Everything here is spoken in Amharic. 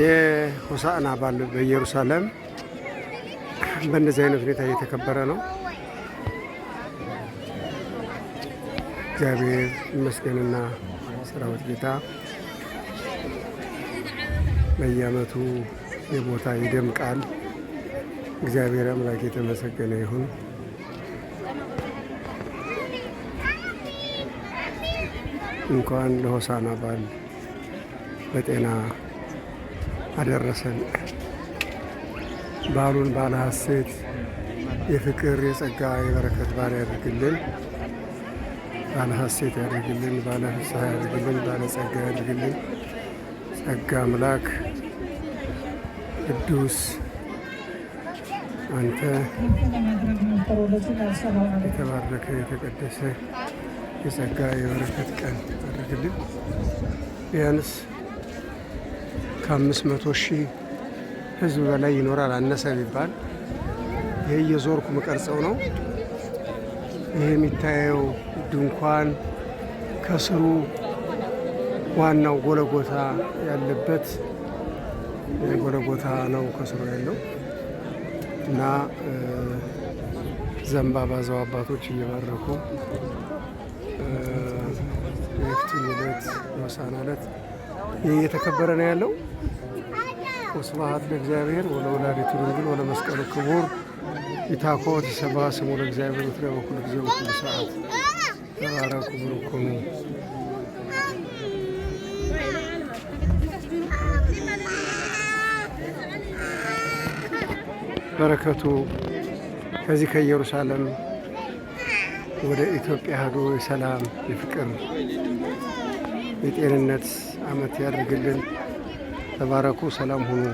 የሆሳዕና በዓል በኢየሩሳሌም በእንደዚህ አይነት ሁኔታ እየተከበረ ነው። እግዚአብሔር ይመስገንና ሰራዊት ጌታ በየዓመቱ የቦታ ይደምቃል። እግዚአብሔር አምላክ የተመሰገነ ይሁን። እንኳን ለሆሳዕና በዓል በጤና አደረሰን። በዓሉን ባለ ሐሴት የፍቅር የጸጋ የበረከት በዓል ያድርግልን። ባለ ሐሴት ያድርግልን። ባለ ፍስሐ ያድርግልን። ባለ ጸጋ ያድርግልን። ጸጋ አምላክ ቅዱስ አንተ የተባረከ የተቀደሰ የጸጋ የበረከት ቀን አድርግልን ቢያንስ ከአምስት መቶ ሺህ ህዝብ በላይ ይኖራል አነሰ የሚባል ይሄ እየዞርኩ መቀርጸው ነው። ይሄ የሚታየው ድንኳን ከስሩ ዋናው ጎለጎታ ያለበት ጎለጎታ ነው ከስሩ ያለው እና ዘንባባ ዘው አባቶች እየባረኩ የክትም ዕለት የሆሳዕና ዕለት እየተከበረ ነው ያለው። ወስብሐት ለእግዚአብሔር ወለወላዲቱ ድንግል ወለመስቀሉ ክቡር ኢታኮት ሰባ ስሙ ለእግዚአብሔር ይትረ በኩሉ ጊዜ በኩሉ ሰዓት ተባረኩ ብሩክሙ በረከቱ ከዚህ ከኢየሩሳሌም ወደ ኢትዮጵያ ሀገር የሰላም የፍቅር የጤንነት አመት ያድርግልን። ተባረኩ። ሰላም ሁኑ።